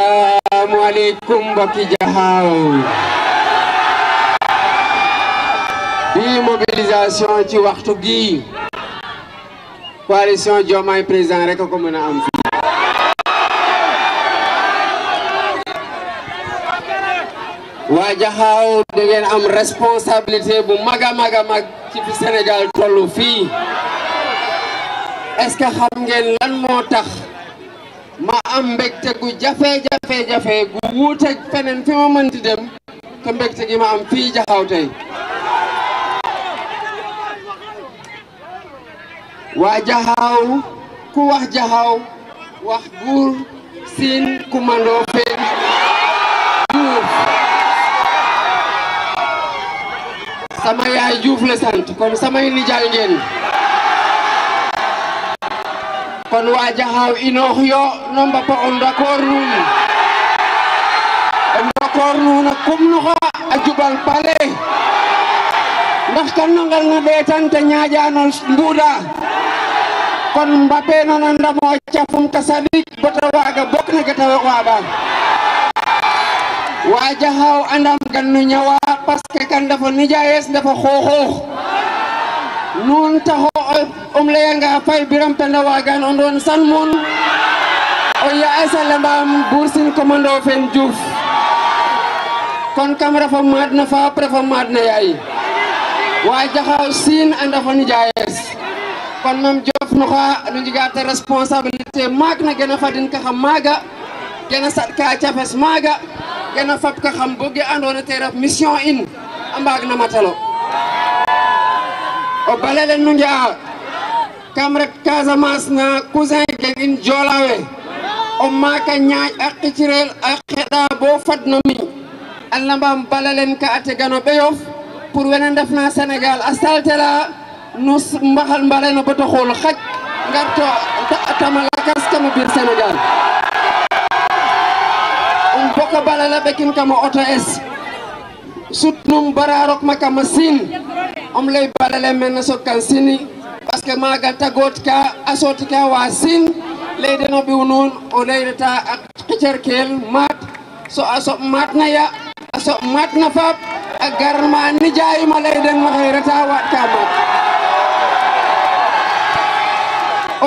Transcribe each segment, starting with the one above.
asalaamaaleykum mbokki jaxaaw bi mobilisation ci waxtu gi coalition am fii waa jaxaaw am responsabilité bu mag a mag ci fi Sénégal tollu fii est-ce que xam ngeen lan moo tax ma am mbégte gu jafe-jafe-jafe gu wuuteeg feneen fi ma mënti dem te mbégte gi ma am fii jaxaw tey waa jaxaw ku wax jaxaw wax buur siin kumandoo fen juuf sama yaay juuf la sant kon samay nijaay ngeen kono waaja inoox yo no mbapo o ndokoor nuun o ndokoor nuun a kumnuxa a jubal pale ndax kan no ngal na ɗeetan ta ñaaƴa no mbuuɗa kon mbapeeno no ndamoo cafum ta saɗik bata waaga bok na gata waaɓaan waaja haw andam gan no ñawa parce kan dafa nijayees dafa xooxoox nuun taxo um leyanga fay biram penda wagan salmon o yaasa lembam boursin commando fen diouf kon kam refa madna faap refa madna yaay wa jaxaw siin a ndafan jayes kon mam jofnoxa nu jega te responsabilité maak na gena fadin kaxam maaga gena saɗ ka cafes maaga gena fap kaxam bo ge andoona te ref mission in a mbaag na matalo o bale len nu nja'a Kamrek Casamance na cousin gegin jolaawe o maaka ñaaƴ a qicirel a xeɗa bo fadno mi allah mbam balalen ka a tegano ɓeyof pour wene ndefna sénégal a saltela no mbaxal mbaleno boto xool xaj ngar to tama lakas kamo biir sénégal um boka balala ɓekin kamo auto es sutnum bara rokma kama sin om ley balale men na sog sini pasque maaga tagootika a sootika wa sin laydeno ɓiw nuun o layreta a xecerkel maat so a soɓ maat na ya a soɓ maat na faap a gar ma nijaayum a lay den maxey reta waaɗ ka maat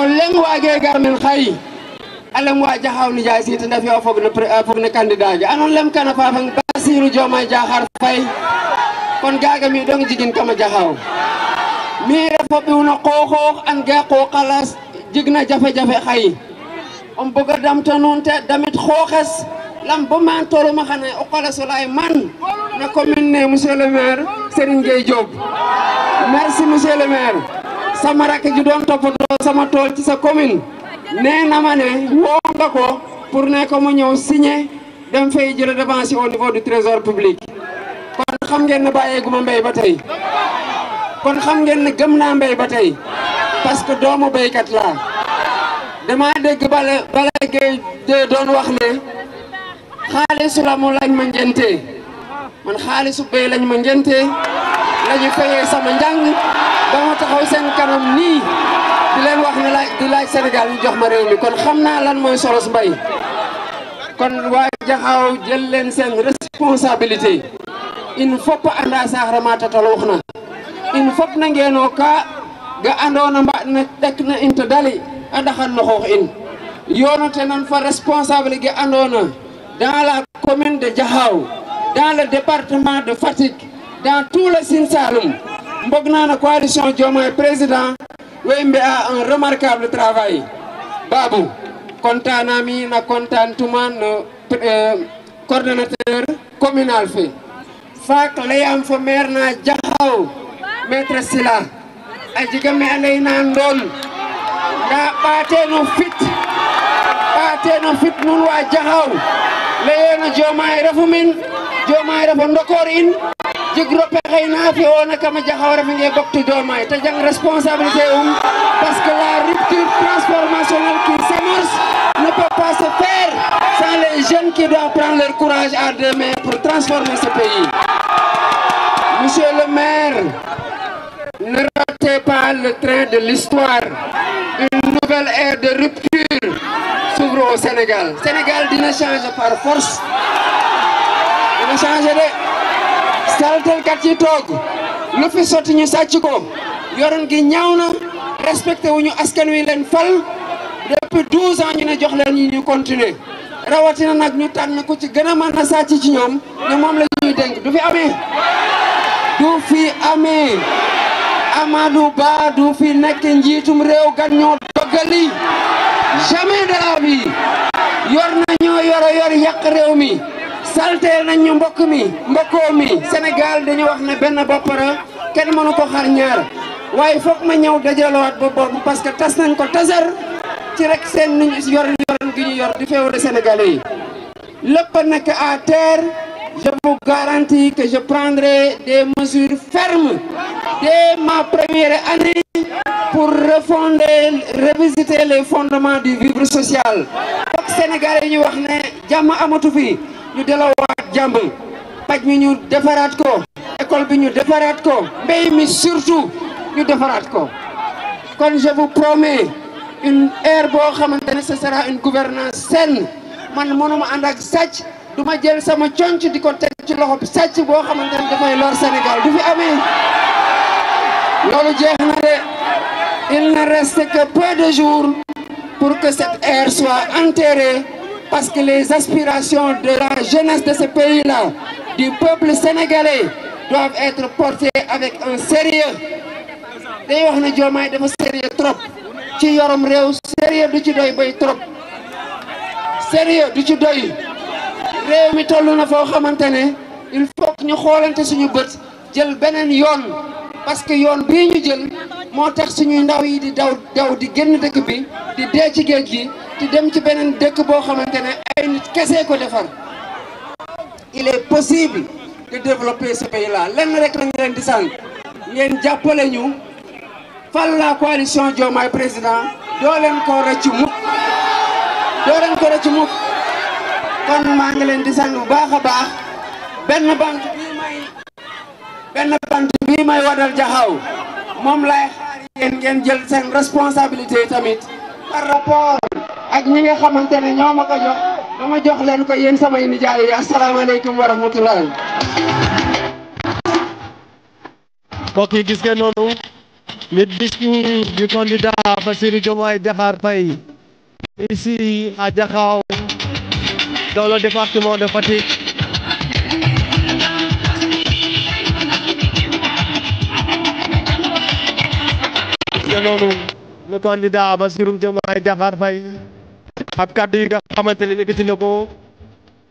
o leŋ waage gar men xay a leŋ wa jaxaaw nijaay siit nda fi'a fog ne candidat ke ano lem kana faafang Bassirou Diomaye Diakhar Faye kon gaaga mi dong jigin kama jaxaaw mi refaɓiwna qoxoox an ga qoqalas na jafe jafe xay um buga damta nuun te damit xooxes lam bo man toluma xane o qoles o man na commune ne monsieur le maire Serigne Gueye Diop merci monsieur le maire sama rakk ji doon toppatoo sama tool ci sa commune nee na ma ne woo nga ko pour ne ko mu ñëw signer dem fay jël redevance au niveau du trésor public kon xam ngeen ne bàyyeeguma mbéy ba tey kon xam ngeen ne gëm naa mbéy ba tey parce que doomu béykat laa dama dégg bala bala gay de doon wax ne xaalisu ramu lañ ma njëntee man xaalisu béy lañ ma njëntee lañu fayee sama njàng dama taxaw seen kanam nii di leen wax ne laaj di laaj Sénégal ñu jox ma réew mi kon xam naa lan mooy solos mbay kon waa jël leen seen responsabilité il faut pas anda sax na in fop na ngeno ka ga andona mbaɗna tekna in to dali a ɗaxan no xoox in yoonate nan fa responsable ge andona dans commune de Diakhao dans le de Fatick dans tout le Sine Saloum mbog nana coalition Diomaye président wo i mbi'a un remarquable travail Babou contanami na contantuma no euh, coordonnateur communal fe faak layam fo maire na maître sila a jega me a leyna ndool nda ɓaate no fit ɓaate no fit nuun wa jaxaw leye no refu min jomaay refo ndokoor in jegro pexey na fi'oona kam a jaxaw refange boktidoomaay te jang responsabilité um parce que la rupture transformationnelle qui s'amorce ne peut pas se faire sans les jeunes qui doivent courage à pour transformer ce pays espoir une nouvelle ère de rupture s'ouvre au dina changer par force dina changer yi toog lu fi sotti ñu sàcc ko yorin gi ñaaw na respecté wuñu askan wi leen fal depuis 12 ans ñu ne jox leen ñu ñu continuer rawatina nag ñu tànn ku ci gën a mën sàcc ci ñoom ne moom la ñuy dénk du fi amee du fi amee Amadou Ba du fi nekk njiitum réew gan ñoo doggali jamais de la vie yor na ñoo yoro yor yàq réew mi salteel nañ ñu mbokk mi mbokkoo mi Sénégal dañu wax ne benn boppara kenn mënu ko xar ñaar waaye foog ma ñëw dajalowaat ba boobu parce que tas nañ ko tasar ci rek seen nuñ yor yoran gi ñu yor di féewale Sénégalais yi lépp nekk à terre je vous garantis que je prendrai des mesures fermes dès ma première année pour refonder les fondements du vivre social foog Sénégal yi ñu wax ne jàmm amatu fi ñu deloowaat jàmm paj mi ñu defaraat ko école bi ñu defaraat ko mbéy mi surtout ñu defaraat ko kon je vous promets une ère boo xamante ne ce sera une gouvernance saine man mënuma ànd ak sàcc du ma jël sama conc di ko teg ci loxo sàcc boo xamante ne dafay lor Sénégal du fi amee loolu jeex na de il ne reste que peu de jours pour que cette ère soit enterrée parce que les aspirations de la jeunesse de ce pays-là du peuple sénégalais doivent être portées avec un sérieux day wax ne Diomaye dafa sérieux trop ci yorom réew sérieux du ci doy bay trop sérieux du ci doy réew mi toll na foo xamante ne il faut que ñu xoolante suñu bët jël beneen yoon parce que yoon bii ñu jël moo tax suñuy ndaw yi di daw daw di génn dëkk bi di dee ci géej gi di dem ci beneen dëkk boo xamante ne ay nit kese ko defar il est possible de développer ce pays là lenn rek lañ leen di sant ngeen jàppale ñu fal la coalition Diomaye président doo leen ko rëcc mukk mukk kon maa ngi leen di sant baax a baax benn bant bii may benn jaxaw moom lay xaar yéen ngeen jël seen responsabilité tamit par rapport ak ñi nga xamante ne ñoo ma ko jox dama jox leen ko yéen samay nijaay yi asalaamaaleykum wa rahmatullah mbokk yi gis ngeen noonu le discours du candidat Bassirou Diomaye Diakhar Faye ici à Diakhao dans le département de Fatick. te noonu le candidat Bassirou Diomaye Diakhar Faye ak kàddu yi nga xamante ne yëkkati na ko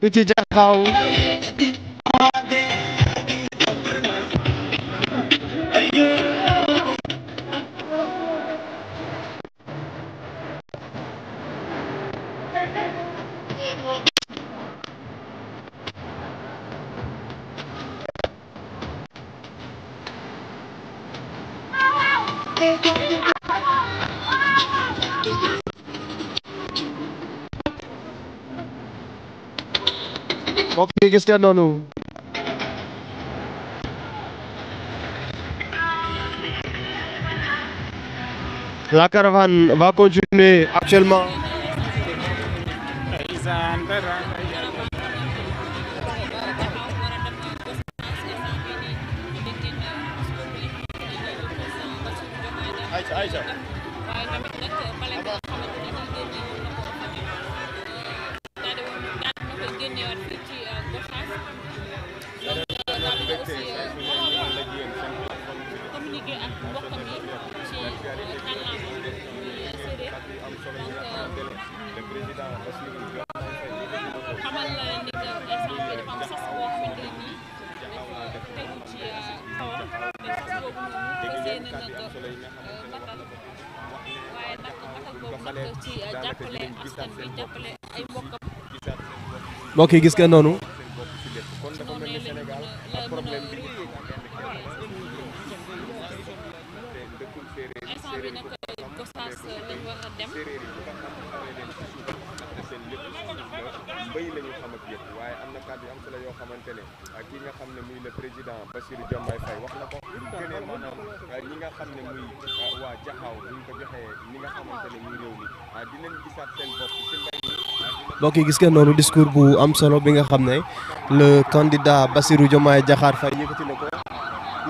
du ci jaxaw. Hoffentlich ist der Nonno. La caravane va continuer actuellement. ayca ayca. waaye tamit nag bale bi nga xamante ne génne woon ci communiqué ak mbokkam yi ci kàllaama muy séeréer donc. ci jàppale askan bi jàppale ay mbokkam. mbokk yi gis nga noonu. instant bi nag Gossas lañ war a dem. ne seen la mbéy la ñu xam ak yëpp waaye am na kàddu yu am solo yoo xamante ne ki nga xam ne muy le président Bassirou Diomaye Faye wax na ko lu gënee maanaam ñi nga xam ne muy ah, waa jaxaaw buñ ko joxee ñi nga xamante ne muy réew mi ah, dinañ ah, gis ngeen noonu discours bu am solo bi nga xam ne le candidat Bassirou Diomaye Diakhar Faye yëkkati ko